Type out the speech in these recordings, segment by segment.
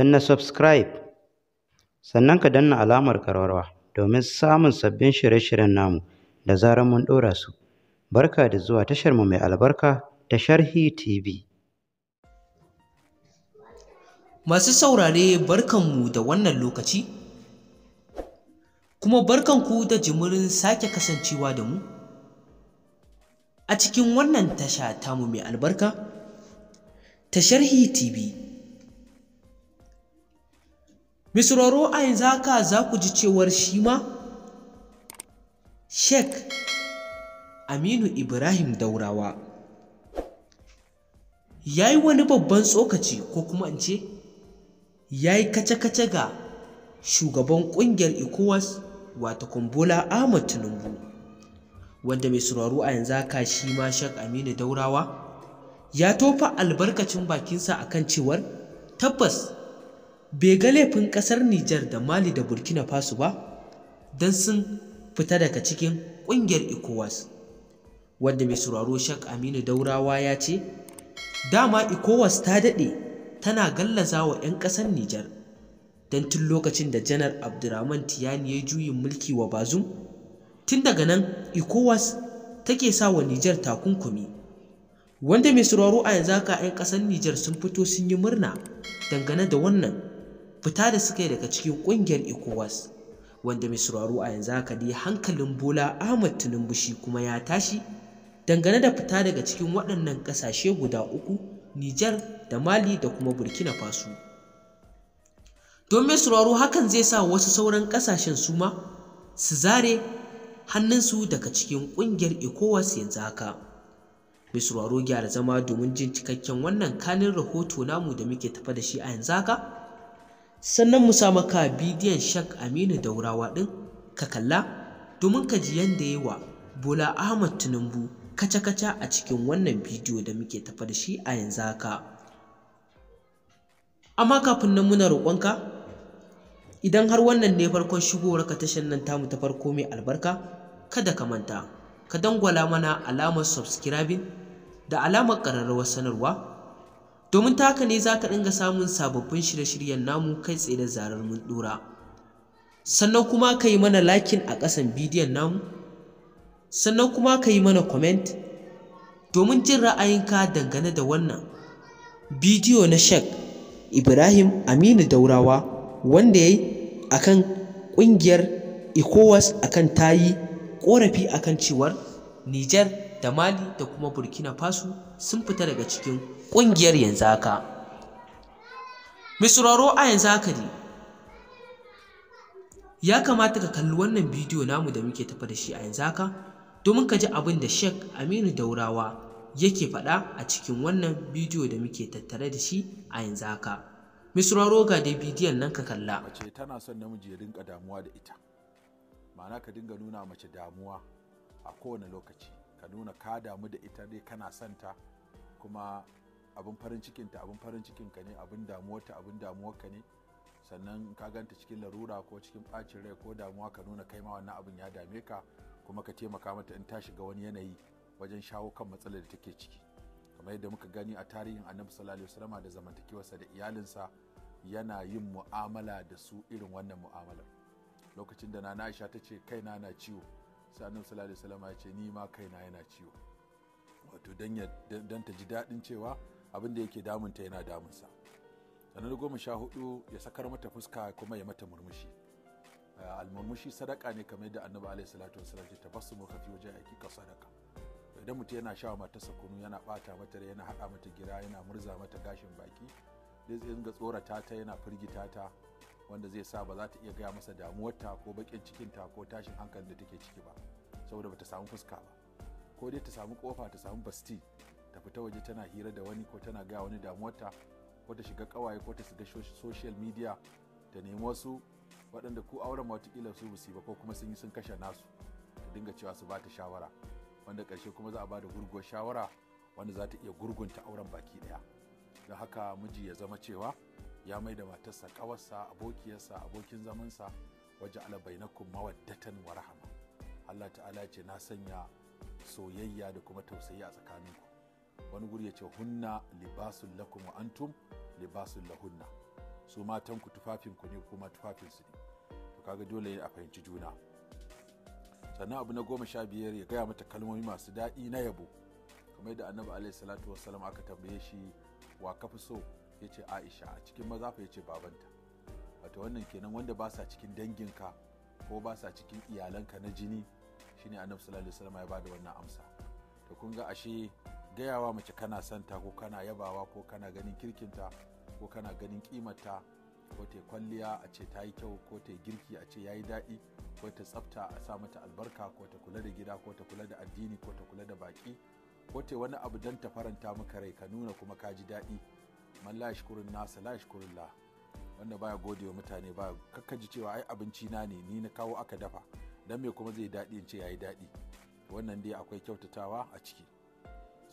na subscribe sannan ka danna alamar karwarwa domin samun sabbin shirye-shiryen namu da zarar mun ɗora su barka da zuwa tashar mu mai albarka ta sharhi tv masu saurare barkanmu da wannan lokaci kuma barkanku da jimurin sake kasancewa da mu a cikin wannan tasha tamu mai albarka ta sharhi tv misraro a yanzu haka za ku ji cewar shi ma sheik aminu ibrahim daurawa ya yi wani babban tsokaci ko kuma in ce ya yi kace-kace ga shugaban ƙungiyar ecowas wata kumbola ahmad tinubu wanda mai sauraro a yanzu haka shi ma shek aminu daurawa ya tofa albarkacin bakinsa akan cewar tabbas bai ga laifin ƙasar Nijar da Mali da Burkina Faso ba don sun fita daga cikin ƙungiyar ECOWAS wanda mai sauraro Shak Aminu Daurawa ya ce dama ECOWAS ta daɗe tana gallaza wa 'yan ƙasar Nijar don tun lokacin da janar Abdurrahman Tiyani ya juyin mulki wa Bazum tun daga nan ECOWAS take sa wa Nijar takunkumi wanda mai sauraro a yanzu haka 'yan ƙasar Nijar sun fito sun yi murna dangane da wannan fita da suka yi daga cikin ƙungiyar ecowas wanda mai sauraro a yanzu haka dai hankalin bola ahmad tinubu shi kuma ya tashi dangane da fita daga cikin waɗannan ƙasashe guda uku nijar da mali da kuma burkina faso don mai sauraro hakan zai sa wasu sauran ƙasashen su ma su zare hannunsu daga cikin ƙungiyar ecowas yanzu haka mai sauraro gyara zama domin jin cikakken wannan kanin rahoto namu da muke tafa da shi a yanzu haka sannan mu sa maka bidiyon shak aminu daurawa ɗin ka kalla domin ka ji yadda ya wa bola ahmad tinubu kaca-kaca a cikin wannan bidiyo da muke tafa da shi a yanzu haka amma kafin nan muna roƙonka idan har wannan ne farkon shigowar ka tashar nan tamu ta farko mai albarka kada ka manta ka dangwala mana alamar subscribing da alamar ƙararrawar sanarwa domin ta haka ne za ka dinga samun sababbin shirye-shiryen namu kai tsaye da zarar mun dora sannan kuma ka yi mana lakin a ƙasan bidiyon namu sannan kuma ka yi mana comment domin jin ra'ayinka dangane da wannan bidiyo na shek ibrahim aminu daurawa wanda ya yi a kan ƙungiyar ecowas a kan tayi ƙorafi a kan cewar niger da mali da kuma burkina faso sun fita daga cikin ƙungiyar yanzu haka misraro a yanzu haka ne ya kamata ka kalli wannan bidiyo namu da muke tafa da shi a yanzu haka domin ka ji abin da sheik aminu daurawa yake faɗa a cikin wannan bidiyo da muke tattare da shi a yanzu haka misraro ga dai bidiyon nan ka kalla mace tana son namiji ya rinka damuwa da ita ma'ana ka dinga nuna mace damuwa a kowane lokaci ka nuna ka damu da ita dai kana santa kuma abin farin cikinta abin farin cikinka ne abin ta abin ka ne sannan ka ganta cikin larura ko cikin bacin rai ko damuwa ka nuna kai ma wannan abin ya dame ka kuma ka taimaka mata in ta shiga wani yanayi wajen shawo kan matsalar da take ciki kamar yadda muka gani a tarihin annabi sallallahu alaihi wasallam da zamantakewarsa da iyalinsa yana yin mu'amala da su irin wannan mu'amalar lokacin da na Aisha ta ce kaina na ciwo sai annabi sallallahu ya ce ni ma kaina yana ciwo wato dan ta ji daɗin cewa abin da yake damunta yana damunsa sannan goma sha hudu ya sakar mata fuska kuma ya mata murmushi eh, almurmushi sadaka ne kamar yadda annabi alaihi salatu wasallam ya tabassumu kafi waje aiki ka sadaka idan mutum yana shawa matarsa kunu yana bata mata da yana haɗa mata gira yana murza mata gashin baki zai tsinga tsorata ta yana firgita ta wanda zai sa ba za ta iya gaya masa damuwarta ko baƙin cikinta ko tashin hankalin da take ciki ba saboda ba ta samu fuska ba ko dai ta samu kofa ta samu basti ta fita waje tana hira da wani ko tana gaya wani damuwarta ko ta shiga kawaye ko ta shiga social media ta nemi wasu waɗanda ku auren watakila su busi ba ko kuma sun yi sun kashe nasu ta dinga cewa su bata shawara wanda ƙarshe kuma za a ba da gurguwar shawara wanda za ta iya gurgunta auren baki ɗaya don haka miji ya zama cewa ya mai da matarsa ƙawarsa, abokiyarsa abokin zamansa waje alabainakun mawaddatan wa rahama Allah ta'ala ce na sanya soyayya da kuma tausayi a tsakaninku wani guri ya ce hunna libasun lakum wa antum libasun lahunna su matan ku tufafin ku ne kuma tufafin su ne to kaga dole a fahimci juna sannan abu na goma sha biyar ya gaya mata kalmomi masu daɗi na yabo kamar da annabi alaihi salatu wasalam aka tambaye shi wa kafi so ya ce aisha a cikin maza fa ya ce babanta wato wannan kenan wanda ba sa cikin danginka ko ba sa cikin iyalanka na jini shine annabi sallallahu alaihi wasallam ya bada wannan amsa to kun ga ashe gayawa mace kana santa ko kana yabawa ko kana ganin kirkinta ko kana ganin kimarta ko ta kwalliya a ce ta yi kyau ko ta girki a ce ya yi daɗi ko ta tsafta a sa mata albarka ko ta kula da gida ko ta kula da addini ko ta kula da baki ko ta wani abu don ta faranta maka rai ka nuna kuma ka ji daɗi man la shukurin nasa la shukurin la wanda baya gode wa mutane ba kakkaji cewa ai abinci na ne ni na kawo aka dafa dan me kuma zai daɗi in ce yayi daɗi wannan dai akwai kyautatawa a ciki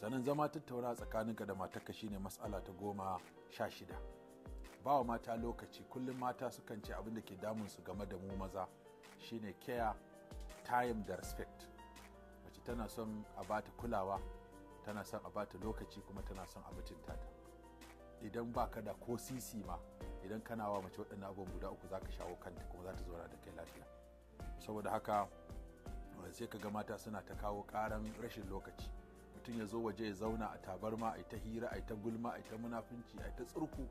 sannan zama tattauna ka da matarka shine mas'ala ta goma sha shida ba wa mata lokaci kullum mata sukan ce abin da ke su game da mu maza shine care time da respect mace tana son a bata kulawa tana son a bata lokaci kuma tana son a mutunta ta idan baka da ko sisi ma idan kana wa mace waɗannan abubuwan guda uku zaka shawo kanta kuma za ta zauna da kai lafiya saboda haka sai ka ga mata suna ta kawo ƙaran rashin lokaci mutum ya zo waje ya zauna a tabarma a ta hira a ta gulma a ta munafunci a ta tsurku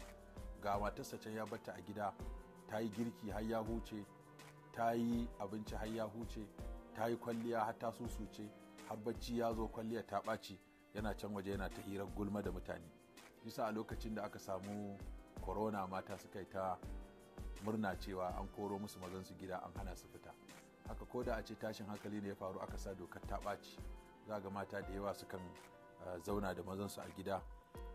ga matarsa can ya bata a gida ta yi girki har ya huce ta yi abinci har ya huce ta yi kwalliya har ta susuce har bacci ya zo kwalliya ta ɓaci yana can waje yana ta hirar gulma da mutane bisa a lokacin da aka samu corona mata suka yi ta murna cewa an koro musu mazan su gida an hana su fita haka ko da a ce tashin hankali ne ya faru aka sa dokar ta ɓaci za ga mata da yawa sukan eh, zauna da mazan su a gida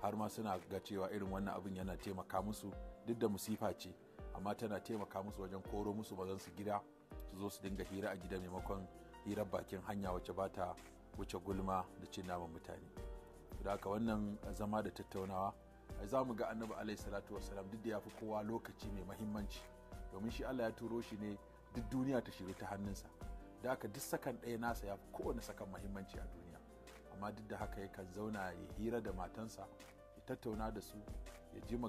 har ma suna ga cewa irin wannan abin yana taimaka musu duk da musifa ce amma tana taimaka musu wajen koro musu mazan su gida su zo su dinga hira a gida maimakon hirar bakin hanya wacce ba ta wuce gulma da cin naman mutane. da haka wannan zama da tattaunawa za mu ga annabi alaihi salatu wasalam duk da ya fi kowa lokaci mai mahimmanci domin shi allah ya turo shi ne duk duniya ta shiru ta hannunsa da haka duk sakan ɗaya nasa ya fi kowane sakan mahimmanci a duniya amma duk da haka yakan zauna ya hira da matansa ya tattauna da su ya ji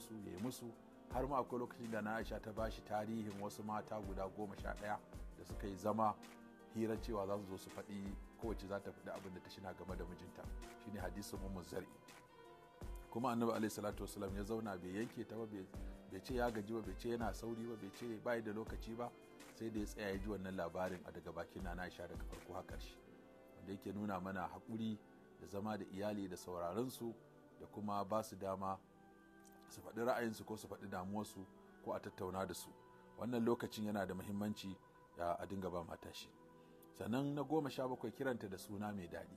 su ya yi musu har ma akwai lokacin da na aisha ta bashi tarihin wasu mata guda goma sha ɗaya da suka yi zama hira cewa za su zo su faɗi kowace za ta faɗi abin da ta shina game da mijinta shine hadisin mu zar'i kuma annabi alaihi salatu wasalam ya zauna bai yanke ta ba bai ce ya gaji ba bai ce yana sauri ba bai ce bai da lokaci ba sai da ya tsaya ya ji wannan labarin a daga bakin nana Aisha daga farko har karshe wanda yake nuna mana haƙuri da zama da iyali da sauraron su da kuma ba su dama su faɗi su ko su faɗi damuwarsu ko a tattauna da su wannan lokacin yana da muhimmanci a dinga ba mata shi sannan na goma sha bakwai kiranta da suna mai daɗi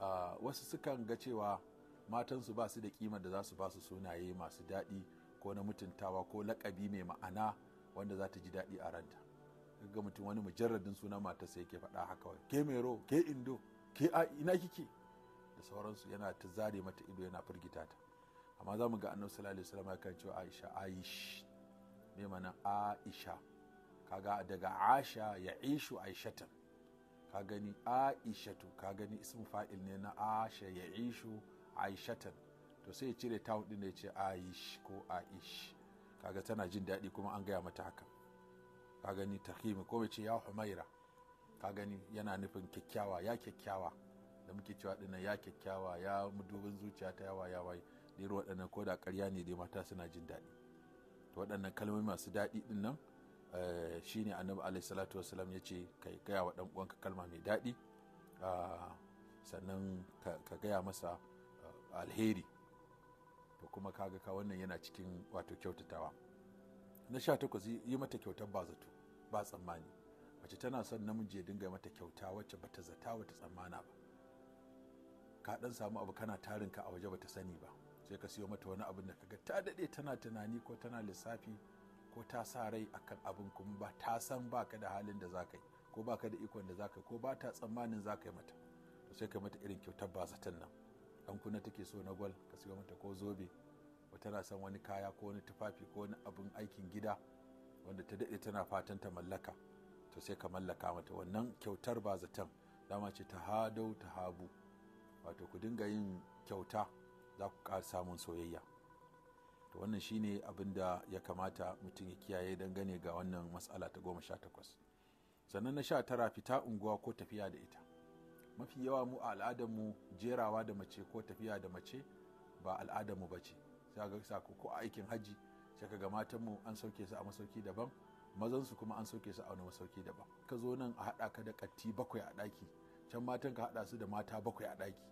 ah, wasu sukan ga cewa matansu ba su da kima da za su ba su sunaye masu daɗi ko na mutuntawa ko lakabi mai ma'ana wanda za ta ji daɗi a ranta ga mutum wani mujarradin sunan matarsa ke faɗa haka ke mero ke indo ke a ina kike da sauransu yana ta zare mata ido yana firgita ta amma za mu ga annabi sallallahu alaihi wasallam ya kan cewa aisha aish me mana aisha kaga daga asha ya ishu aishatan ka gani aishatu ka gani ismu fa'il ne na asha ya ishu aishatan to sai ya cire ta hudu da ya ce aish ko aish kaga tana jin daɗi kuma an gaya mata haka ka gani tahimi ko ce ya humaira ka gani yana nufin kyakkyawa ya kyakkyawa da muke cewa dinnan ya kyakkyawa ya mudubin zuciya ta yawa ya waye da irin waɗannan ko da ƙarya ne dai mata suna jin daɗi to waɗannan kalmomi masu daɗi dinnan Shi eh, shine annabi alaihi salatu wasalam ya ce ka gaya wa dan uwanka kalma mai daɗi ah, sannan ka gaya masa ah, alheri to kuma kaga ka wannan yana cikin wato kyautatawa na sha takwas yi mata kyautar ba zato ba tsammani mace tana son namiji ya dinga mata kyauta wacce bata zata wata tsammana ba ka dan samu abu kana tarin ka a waje bata sani ba sai ka siyo mata wani abin da kaga ta dade tana tunani ko tana lissafi ko ta sa rai akan abin kuma ba ta san baka da halin da zaka yi ko baka da ikon da zaka yi ko ba ta tsammanin zaka yi mata to sai ka mata irin kyautar ba bazatan nan dan kuna take so na gwal ka siyo mata ko zobe ko tana san wani kaya ko wani tufafi ko wani abin aikin gida wanda ta daɗe tana fatan ta mallaka to sai ka mallaka mata wannan kyautar ba bazatan dama ce ta hadau ta habu wato ku dinga yin kyauta za ku ƙara samun soyayya to wannan ne abin da ya kamata mutum ya kiyaye dangane ga wannan matsala ta goma sha takwas sannan na sha tara fita unguwa ko tafiya da ita mafi yawa mu a al'adarmu jerawa da mace ko tafiya da mace ba al'adarmu ba ce sako ko aikin hajji sai ga matanmu an sauke su a masauki daban mazansu kuma an sauke su a wani masauki daban ka zo nan a haɗa ka da ƙatti bakwai a ɗaki can matan ka haɗa su da mata bakwai a ɗaki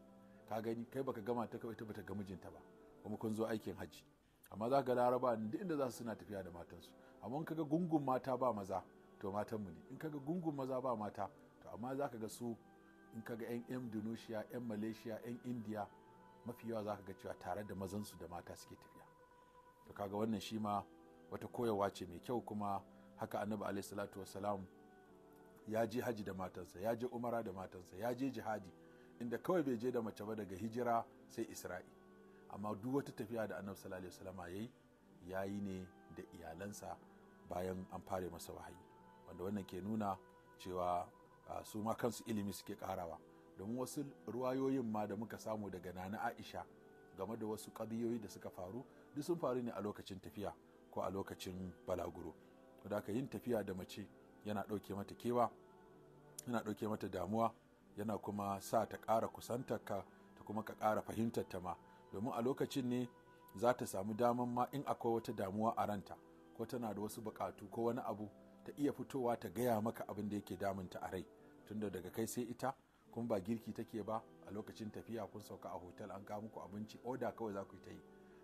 ka gani kai baka gama ta kawai ta bata ga mijinta ba kuma kun zo aikin hajji amma za ga laraba ne duk inda za su suna tafiya da matansu amma in kaga gungun mata ba maza to matanmu ne in kaga gungun maza ba mata to amma za ka ga su in kaga yan indonesia yan malaysia yan india mafi yawa za ka ga cewa tare da mazan su da mata suke tafiya to kaga wannan shi ma wata koyarwa ce mai kyau kuma haka annabi alaihi salatu wassalam ya je haji da matansa ya je umara da matansa ya je jihadi inda kawai bai je da mace ba daga hijira sai isra'i amma duk wata tafiya da annabi sallallahu alaihi wasallama yayi yayi ne da iyalansa bayan an fare masa wahayi wanda wannan ke nuna cewa su ma kansu ilimi suke karawa domin wasu ruwayoyin ma da muka samu daga nana aisha game da wasu ƙadiyoyi da suka faru duk sun faru ne a lokacin tafiya ko a lokacin balaguro da ka yin tafiya da mace yana ɗauke mata kewa yana ɗauke mata damuwa yana kuma sa ta kara kusantarka ta kuma ka kara fahimtar ta ma domin a lokacin ne za ta samu daman ma in akwai wata damuwa a ranta ko tana da wasu bukatu ko wani abu ta iya fitowa ta gaya maka abin da yake damunta a rai tunda daga kai sai ita kuma ba girki take ba a lokacin tafiya kun sauka a hotel an kawo muku abinci oda kawai za ku yi ta yi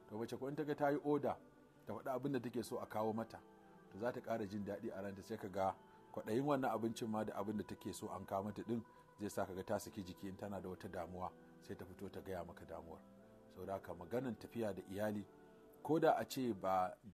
to mace ko in ta ga ta yi oda ta faɗi abin da take so a kawo mata to za ta ƙara jin daɗi a ranta sai ka ga kwaɗayin wannan abincin ma da abin da take so an kawo mata ɗin zai sa ka ga ta saki jiki in tana da wata damuwa sai ta fito ta gaya maka damuwar. saboda haka maganan tafiya da iyali ko da a ce ba